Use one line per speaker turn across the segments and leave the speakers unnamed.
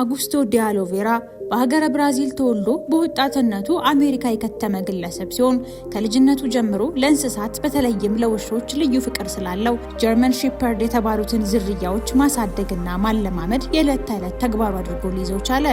አጉስቶ ዲያሎቬራ በሀገረ ብራዚል ተወልዶ በወጣትነቱ አሜሪካ የከተመ ግለሰብ ሲሆን ከልጅነቱ ጀምሮ ለእንስሳት በተለይም ለውሾች ልዩ ፍቅር ስላለው ጀርመን ሼፐርድ የተባሉትን ዝርያዎች ማሳደግና ማለማመድ የዕለት ተዕለት ተግባሩ አድርጎ ሊይዘው ቻለ።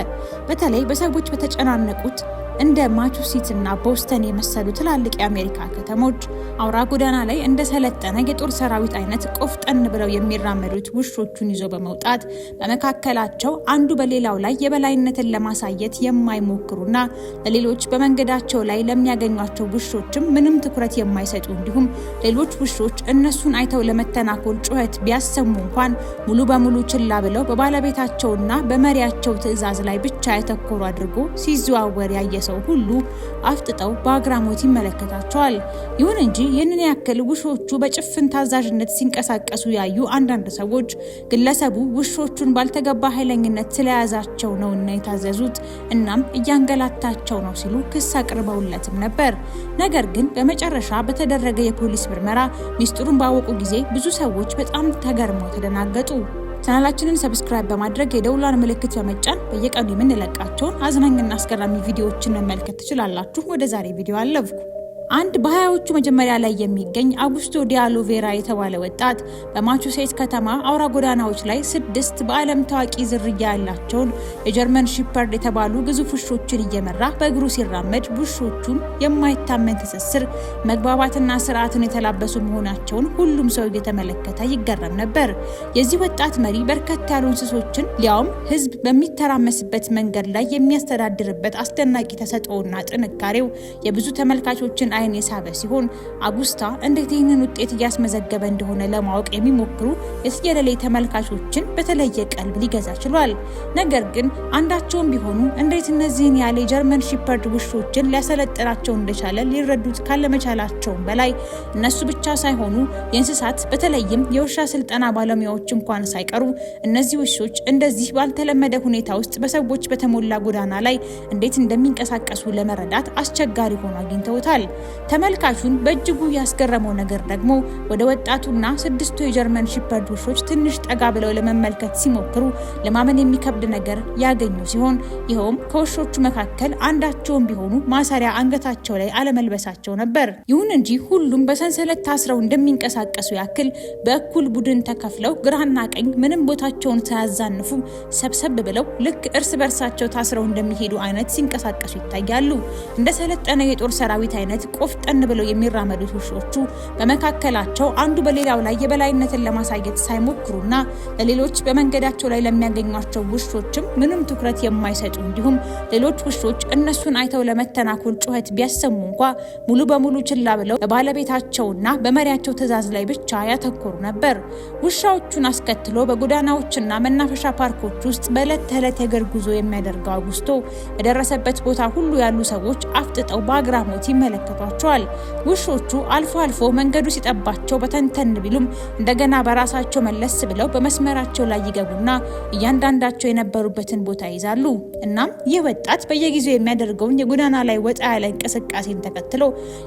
በተለይ በሰዎች በተጨናነቁት እንደ ማቹሲት እና ቦስተን የመሰሉ ትላልቅ የአሜሪካ ከተሞች አውራ ጎዳና ላይ እንደ ሰለጠነ የጦር ሰራዊት አይነት ቆፍጠን ብለው የሚራመዱት ውሾቹን ይዞ በመውጣት በመካከላቸው አንዱ በሌላው ላይ የበላይነትን ለማሳየት የማይሞክሩና ለሌሎች በመንገዳቸው ላይ ለሚያገኟቸው ውሾችም ምንም ትኩረት የማይሰጡ እንዲሁም ሌሎች ውሾች እነሱን አይተው ለመተናኮል ጩኸት ቢያሰሙ እንኳን ሙሉ በሙሉ ችላ ብለው በባለቤታቸውና በመሪያቸው ትዕዛዝ ላይ ብቻ ያተኮሩ አድርጎ ሲዘዋወር ያየ ሰው ሁሉ አፍጥጠው በአግራሞት ይመለከታቸዋል። ይሁን እንጂ ይህንን ያክል ውሾቹ በጭፍን ታዛዥነት ሲንቀሳቀሱ ያዩ አንዳንድ ሰዎች ግለሰቡ ውሾቹን ባልተገባ ኃይለኝነት ስለያዛቸው ነውና የታዘዙት እናም እያንገላታቸው ነው ሲሉ ክስ አቅርበውለትም ነበር። ነገር ግን በመጨረሻ በተደረገ የፖሊስ ምርመራ ሚስጥሩን ባወቁ ጊዜ ብዙ ሰዎች በጣም ተገርመው ተደናገጡ። ቻናላችንን ሰብስክራይብ በማድረግ የደውላን ምልክት በመጫን በየቀኑ የምንለቃቸውን አዝናኝና አስገራሚ ቪዲዮዎችን መመልከት ትችላላችሁ። ወደ ዛሬ ቪዲዮ አለፍኩ። አንድ በሀያዎቹ መጀመሪያ ላይ የሚገኝ አጉስቶ ዲያሎ ቬራ የተባለ ወጣት በማቹሴት ከተማ አውራ ጎዳናዎች ላይ ስድስት በዓለም ታዋቂ ዝርያ ያላቸውን የጀርመን ሺፐርድ የተባሉ ግዙፍ ውሾችን እየመራ በእግሩ ሲራመድ ውሾቹን የማይታመን ትስስር፣ መግባባትና ስርዓትን የተላበሱ መሆናቸውን ሁሉም ሰው እየተመለከተ ይገረም ነበር። የዚህ ወጣት መሪ በርከት ያሉ እንስሶችን ሊያውም ህዝብ በሚተራመስበት መንገድ ላይ የሚያስተዳድርበት አስደናቂ ተሰጥኦና ጥንካሬው የብዙ ተመልካቾችን አይን የሳበ ሲሆን አጉስታ እንዴት ይህንን ውጤት እያስመዘገበ እንደሆነ ለማወቅ የሚሞክሩ የትየለሌ ተመልካቾችን በተለየ ቀልብ ሊገዛ ችሏል። ነገር ግን አንዳቸውም ቢሆኑ እንዴት እነዚህን ያለ የጀርመን ሺፐርድ ውሾችን ሊያሰለጥናቸው እንደቻለ ሊረዱት ካለመቻላቸውም በላይ እነሱ ብቻ ሳይሆኑ የእንስሳት በተለይም የውሻ ስልጠና ባለሙያዎች እንኳን ሳይቀሩ እነዚህ ውሾች እንደዚህ ባልተለመደ ሁኔታ ውስጥ በሰዎች በተሞላ ጎዳና ላይ እንዴት እንደሚንቀሳቀሱ ለመረዳት አስቸጋሪ ሆኖ አግኝተውታል። ተመልካቹን በእጅጉ ያስገረመው ነገር ደግሞ ወደ ወጣቱና ስድስቱ የጀርመን ሽፐርድ ውሾች ትንሽ ጠጋ ብለው ለመመልከት ሲሞክሩ ለማመን የሚከብድ ነገር ያገኙ ሲሆን ይኸውም ከውሾቹ መካከል አንዳቸውም ቢሆኑ ማሰሪያ አንገታቸው ላይ አለመልበሳቸው ነበር። ይሁን እንጂ ሁሉም በሰንሰለት ታስረው እንደሚንቀሳቀሱ ያክል በእኩል ቡድን ተከፍለው ግራና ቀኝ ምንም ቦታቸውን ሳያዛንፉ ሰብሰብ ብለው ልክ እርስ በርሳቸው ታስረው እንደሚሄዱ አይነት ሲንቀሳቀሱ ይታያሉ። እንደ ሰለጠነ የጦር ሰራዊት አይነት ቆፍጠን ብለው የሚራመዱት ውሾቹ በመካከላቸው አንዱ በሌላው ላይ የበላይነትን ለማሳየት ሳይሞክሩና ለሌሎች በመንገዳቸው ላይ ለሚያገኟቸው ውሾችም ምንም ትኩረት የማይሰጡ እንዲሁም ሌሎች ውሾች እነሱን አይተው ለመተናኮል ጩኸት ቢያሰሙ እንኳ ሙሉ በሙሉ ችላ ብለው በባለቤታቸውና በመሪያቸው ትዕዛዝ ላይ ብቻ ያተኮሩ ነበር። ውሻዎቹን አስከትሎ በጎዳናዎችና መናፈሻ ፓርኮች ውስጥ በዕለት ተዕለት የእግር ጉዞ የሚያደርገው አጉስቶ በደረሰበት ቦታ ሁሉ ያሉ ሰዎች አፍጥጠው በአግራሞት ይመለከቷል። ወስዷቸዋል። ውሾቹ አልፎ አልፎ መንገዱ ሲጠባቸው በተንተን ቢሉም እንደገና በራሳቸው መለስ ብለው በመስመራቸው ላይ ይገቡና እያንዳንዳቸው የነበሩበትን ቦታ ይዛሉ። እናም ይህ ወጣት በየጊዜው የሚያደርገውን የጎዳና ላይ ወጣ ያለ እንቅስቃሴን ተከትሎ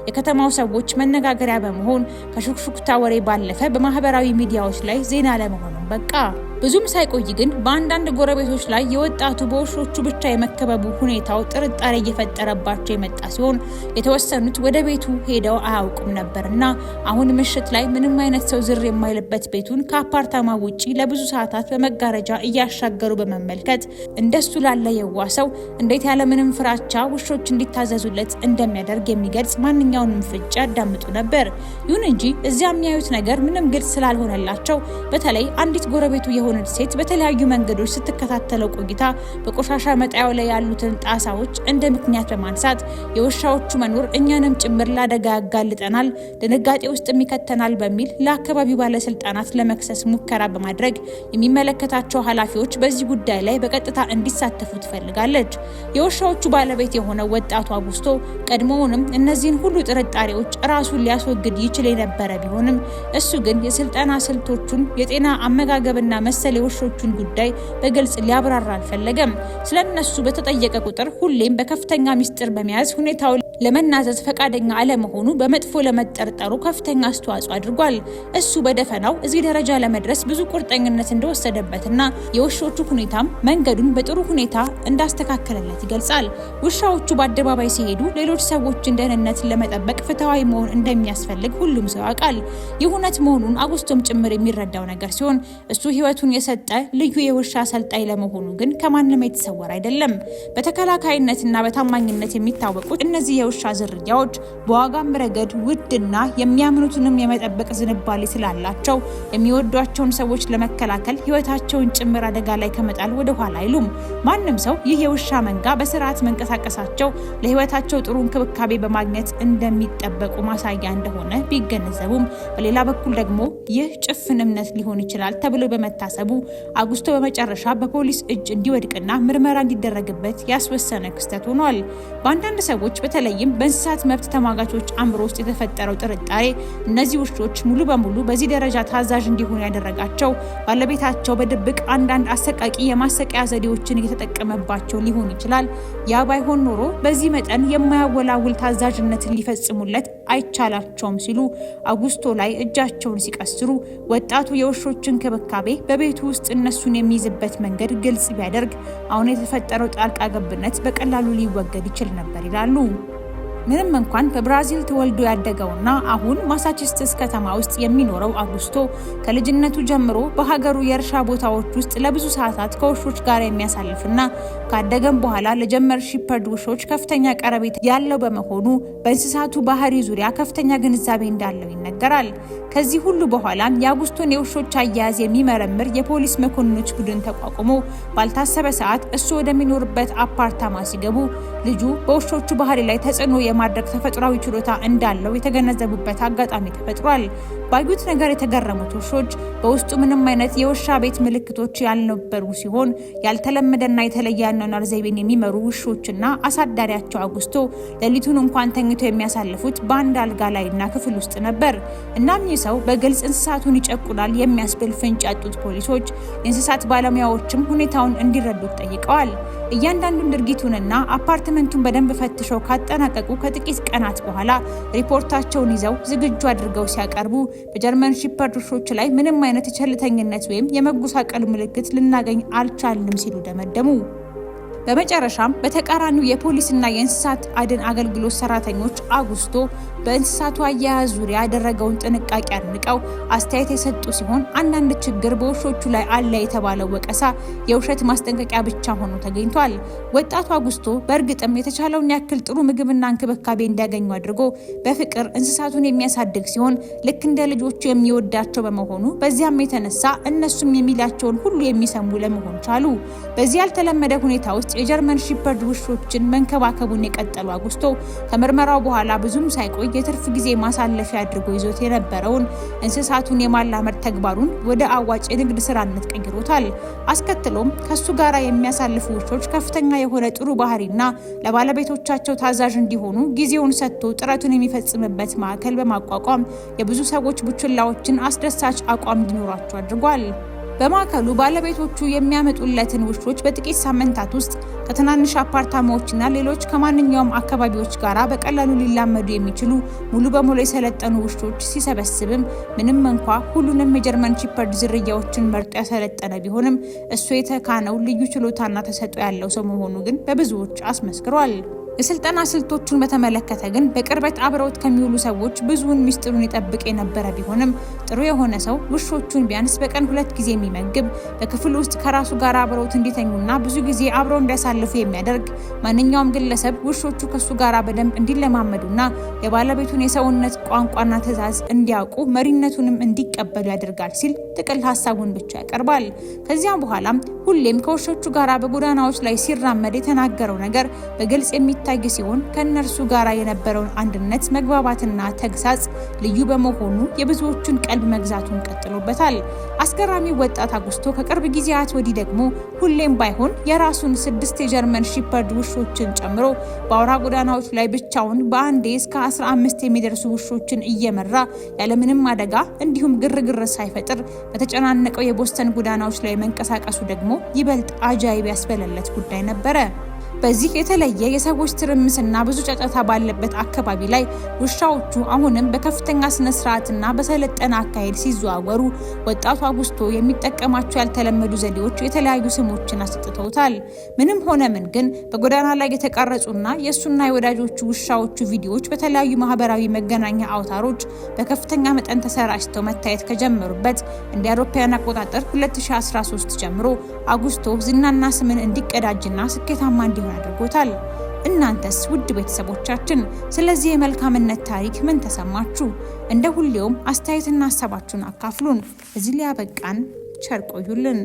የከተማው ሰዎች መነጋገሪያ በመሆን ከሹክሹክታ ወሬ ባለፈ በማህበራዊ ሚዲያዎች ላይ ዜና ለመሆኑም በቃ። ብዙም ሳይቆይ ግን በአንዳንድ ጎረቤቶች ላይ የወጣቱ በውሾቹ ብቻ የመከበቡ ሁኔታው ጥርጣሬ እየፈጠረባቸው የመጣ ሲሆን የተወሰኑት ወደ ቤቱ ሄደው አያውቁም ነበርና አሁን ምሽት ላይ ምንም አይነት ሰው ዝር የማይልበት ቤቱን ከአፓርታማ ውጪ ለብዙ ሰዓታት በመጋረጃ እያሻገሩ በመመልከት እንደሱ ላለ የዋ ሰው እንዴት ያለምንም ፍራቻ ውሾች እንዲታዘዙለት እንደሚያደርግ የሚገልጽ ማንኛውንም ፍንጭ ያዳምጡ ነበር። ይሁን እንጂ እዚያ የሚያዩት ነገር ምንም ግልጽ ስላልሆነላቸው በተለይ አንዲት ጎረቤቱ የሆነች ሴት በተለያዩ መንገዶች ስትከታተለው ቆይታ በቆሻሻ መጣያው ላይ ያሉትን ጣሳዎች እንደ ምክንያት በማንሳት የውሻዎቹ መኖር እኛንም ጭምር ላደጋ ያጋልጠናል፣ ድንጋጤ ውስጥም ይከተናል በሚል ለአካባቢው ባለስልጣናት ለመክሰስ ሙከራ በማድረግ የሚመለከታቸው ኃላፊዎች በዚህ ጉዳይ ላይ በቀጥታ እንዲሳተፉ ትፈልጋለች። የውሻዎቹ ባለቤት የሆነው ወጣቱ አጉስቶ ቀድሞውንም እነዚህን ሁሉ ጥርጣሬዎች ራሱን ሊያስወግድ ይችል የነበረ ቢሆንም እሱ ግን የስልጠና ስልቶቹን የጤና አመጋገብና መስ የመሰለ የውሾቹን ጉዳይ በግልጽ ሊያብራራ አልፈለገም። ስለነሱ በተጠየቀ ቁጥር ሁሌም በከፍተኛ ሚስጥር በመያዝ ሁኔታው ለመናዘዝ ፈቃደኛ አለመሆኑ በመጥፎ ለመጠርጠሩ ከፍተኛ አስተዋጽኦ አድርጓል። እሱ በደፈናው እዚህ ደረጃ ለመድረስ ብዙ ቁርጠኝነት እንደወሰደበትና የውሾቹ ሁኔታም መንገዱን በጥሩ ሁኔታ እንዳስተካከለለት ይገልጻል። ውሻዎቹ በአደባባይ ሲሄዱ ሌሎች ሰዎችን ደህንነትን ለመጠበቅ ፍትሐዊ መሆን እንደሚያስፈልግ ሁሉም ሰው ያውቃል። ይህ እውነት መሆኑን አጉስቶም ጭምር የሚረዳው ነገር ሲሆን እሱ ሕይወቱን የሰጠ ልዩ የውሻ አሰልጣኝ ለመሆኑ ግን ከማንም የተሰወረ አይደለም። በተከላካይነትና በታማኝነት የሚታወቁት እነዚህ የውሻ ዝርያዎች በዋጋም ረገድ ውድና የሚያምኑትንም የመጠበቅ ዝንባሌ ስላላቸው የሚወዷቸውን ሰዎች ለመከላከል ሕይወታቸውን ጭምር አደጋ ላይ ከመጣል ወደ ኋላ አይሉም። ማንም ሰው ይህ የውሻ መንጋ በስርዓት መንቀሳቀሳቸው ለሕይወታቸው ጥሩ እንክብካቤ በማግኘት እንደሚጠበቁ ማሳያ እንደሆነ ቢገነዘቡም፣ በሌላ በኩል ደግሞ ይህ ጭፍን እምነት ሊሆን ይችላል ተብሎ በመታሰቡ አጉስቶ በመጨረሻ በፖሊስ እጅ እንዲወድቅና ምርመራ እንዲደረግበት ያስወሰነ ክስተት ሆኗል። በአንዳንድ ሰዎች በተለይ በተለይም በእንስሳት መብት ተሟጋቾች አእምሮ ውስጥ የተፈጠረው ጥርጣሬ እነዚህ ውሾች ሙሉ በሙሉ በዚህ ደረጃ ታዛዥ እንዲሆኑ ያደረጋቸው ባለቤታቸው በድብቅ አንዳንድ አሰቃቂ የማሰቃያ ዘዴዎችን እየተጠቀመባቸው ሊሆን ይችላል። ያ ባይሆን ኖሮ በዚህ መጠን የማያወላውል ታዛዥነትን ሊፈጽሙለት አይቻላቸውም ሲሉ አጉስቶ ላይ እጃቸውን ሲቀስሩ ወጣቱ የውሾች እንክብካቤ በቤቱ ውስጥ እነሱን የሚይዝበት መንገድ ግልጽ ቢያደርግ አሁን የተፈጠረው ጣልቃ ገብነት በቀላሉ ሊወገድ ይችል ነበር ይላሉ። ምንም እንኳን በብራዚል ተወልዶ ያደገውና አሁን ማሳቹሴትስ ከተማ ውስጥ የሚኖረው አጉስቶ ከልጅነቱ ጀምሮ በሀገሩ የእርሻ ቦታዎች ውስጥ ለብዙ ሰዓታት ከውሾች ጋር የሚያሳልፍና ካደገም በኋላ ለጀመር ሺፐርድ ውሾች ከፍተኛ ቀረቤት ያለው በመሆኑ በእንስሳቱ ባህሪ ዙሪያ ከፍተኛ ግንዛቤ እንዳለው ይነገራል። ከዚህ ሁሉ በኋላም የአጉስቶን የውሾች አያያዝ የሚመረምር የፖሊስ መኮንኖች ቡድን ተቋቁሞ ባልታሰበ ሰዓት እሱ ወደሚኖርበት አፓርታማ ሲገቡ ልጁ በውሾቹ ባህሪ ላይ ተጽዕኖ የማድረግ ተፈጥሯዊ ችሎታ እንዳለው የተገነዘቡበት አጋጣሚ ተፈጥሯል። ባዩት ነገር የተገረሙት ውሾች በውስጡ ምንም አይነት የውሻ ቤት ምልክቶች ያልነበሩ ሲሆን ያልተለመደና የተለየ አኗኗር ዘይቤን የሚመሩ ውሾችና አሳዳሪያቸው አጉስቶ ሌሊቱን እንኳን ተኝቶ የሚያሳልፉት በአንድ አልጋ ላይና ክፍል ውስጥ ነበር። እናም ይህ ሰው በግልጽ እንስሳቱን ይጨቁናል የሚያስብል ፍንጭ ያጡት ፖሊሶች የእንስሳት ባለሙያዎችም ሁኔታውን እንዲረዱት ጠይቀዋል። እያንዳንዱን ድርጊቱንና አፓርትመንቱን በደንብ ፈትሸው ካጠናቀቁ ከጥቂት ቀናት በኋላ ሪፖርታቸውን ይዘው ዝግጁ አድርገው ሲያቀርቡ በጀርመን ሺፐርድ ውሾች ላይ ምንም አይነት የቸልተኝነት ወይም የመጎሳቀል ምልክት ልናገኝ አልቻልንም ሲሉ ደመደሙ። በመጨረሻም በተቃራኒው የፖሊስና የእንስሳት አደን አገልግሎት ሰራተኞች አጉስቶ በእንስሳቱ አያያዝ ዙሪያ ያደረገውን ጥንቃቄ አድንቀው አስተያየት የሰጡ ሲሆን አንዳንድ ችግር በውሾቹ ላይ አለ የተባለው ወቀሳ የውሸት ማስጠንቀቂያ ብቻ ሆኖ ተገኝቷል። ወጣቱ አጉስቶ በእርግጥም የተቻለውን ያክል ጥሩ ምግብና እንክብካቤ እንዲያገኙ አድርጎ በፍቅር እንስሳቱን የሚያሳድግ ሲሆን ልክ እንደ ልጆቹ የሚወዳቸው በመሆኑ በዚያም የተነሳ እነሱም የሚላቸውን ሁሉ የሚሰሙ ለመሆን ቻሉ። በዚህ ያልተለመደ ሁኔታ ውስጥ የጀርመን ሺፐርድ ውሾችን መንከባከቡን የቀጠሉ አጉስቶ ከምርመራው በኋላ ብዙም ሳይቆይ የትርፍ ጊዜ ማሳለፊያ አድርጎ ይዞት የነበረውን እንስሳቱን የማላመድ ተግባሩን ወደ አዋጭ የንግድ ስራነት ቀይሮታል። አስከትሎም ከሱ ጋር የሚያሳልፉ ውሾች ከፍተኛ የሆነ ጥሩ ባህሪና ለባለቤቶቻቸው ታዛዥ እንዲሆኑ ጊዜውን ሰጥቶ ጥረቱን የሚፈጽምበት ማዕከል በማቋቋም የብዙ ሰዎች ቡችላዎችን አስደሳች አቋም እንዲኖራቸው አድርጓል። በማዕከሉ ባለቤቶቹ የሚያመጡለትን ውሾች በጥቂት ሳምንታት ውስጥ ከትናንሽ አፓርታማዎችና ሌሎች ከማንኛውም አካባቢዎች ጋር በቀላሉ ሊላመዱ የሚችሉ ሙሉ በሙሉ የሰለጠኑ ውሾች ሲሰበስብም ምንም እንኳ ሁሉንም የጀርመን ሺፐርድ ዝርያዎችን መርጦ ያሰለጠነ ቢሆንም እሱ የተካነው ልዩ ችሎታና ተሰጥኦ ያለው ሰው መሆኑ ግን በብዙዎች አስመስክሯል። የስልጠና ስልቶቹን በተመለከተ ግን በቅርበት አብረውት ከሚውሉ ሰዎች ብዙውን ሚስጥሩን ይጠብቅ የነበረ ቢሆንም ጥሩ የሆነ ሰው ውሾቹን ቢያንስ በቀን ሁለት ጊዜ የሚመግብ በክፍል ውስጥ ከራሱ ጋር አብረውት እንዲተኙና ብዙ ጊዜ አብረው እንዲያሳልፉ የሚያደርግ ማንኛውም ግለሰብ ውሾቹ ከሱ ጋር በደንብ እንዲለማመዱና የባለቤቱን የሰውነት ቋንቋና ትዕዛዝ እንዲያውቁ መሪነቱንም እንዲቀበሉ ያደርጋል ሲል ጥቅል ሀሳቡን ብቻ ያቀርባል። ከዚያም በኋላም ሁሌም ከውሾቹ ጋር በጎዳናዎች ላይ ሲራመድ የተናገረው ነገር በግልጽ የሚታ የሚታይ ሲሆን ከእነርሱ ጋር የነበረውን አንድነት መግባባትና ተግሳጽ ልዩ በመሆኑ የብዙዎቹን ቀልብ መግዛቱን ቀጥሎበታል። አስገራሚ ወጣት አጉስቶ ከቅርብ ጊዜያት ወዲህ ደግሞ ሁሌም ባይሆን የራሱን ስድስት የጀርመን ሺፐርድ ውሾችን ጨምሮ በአውራ ጎዳናዎች ላይ ብቻውን በአንዴ እስከ 15 የሚደርሱ ውሾችን እየመራ ያለምንም አደጋ እንዲሁም ግርግር ሳይፈጥር በተጨናነቀው የቦስተን ጎዳናዎች ላይ መንቀሳቀሱ ደግሞ ይበልጥ አጃይብ ያስበለለት ጉዳይ ነበረ። በዚህ የተለየ የሰዎች ትርምስና ብዙ ጫጫታ ባለበት አካባቢ ላይ ውሻዎቹ አሁንም በከፍተኛ ስርዓትና በሰለጠነ አካሄድ ሲዘዋወሩ ወጣቱ አጉስቶ የሚጠቀማቸው ያልተለመዱ ዘዴዎች የተለያዩ ስሞችን አሰጥተውታል። ምንም ሆነ ምን ግን በጎዳና ላይ የተቀረጹና የእሱና የወዳጆቹ ውሻዎቹ ቪዲዮዎች በተለያዩ ማህበራዊ መገናኛ አውታሮች በከፍተኛ መጠን ተሰራጭተው መታየት ከጀመሩበት እንደ አውሮፓውያን አቆጣጠር 2013 ጀምሮ አጉስቶ ዝናና ስምን እንዲቀዳጅና ስኬታማ እንዲሆን አድርጎታል። እናንተስ ውድ ቤተሰቦቻችን ስለዚህ የመልካምነት ታሪክ ምን ተሰማችሁ? እንደ ሁሌውም አስተያየትና ሀሳባችሁን አካፍሉን። እዚህ ሊያበቃን ቸር ቆዩልን።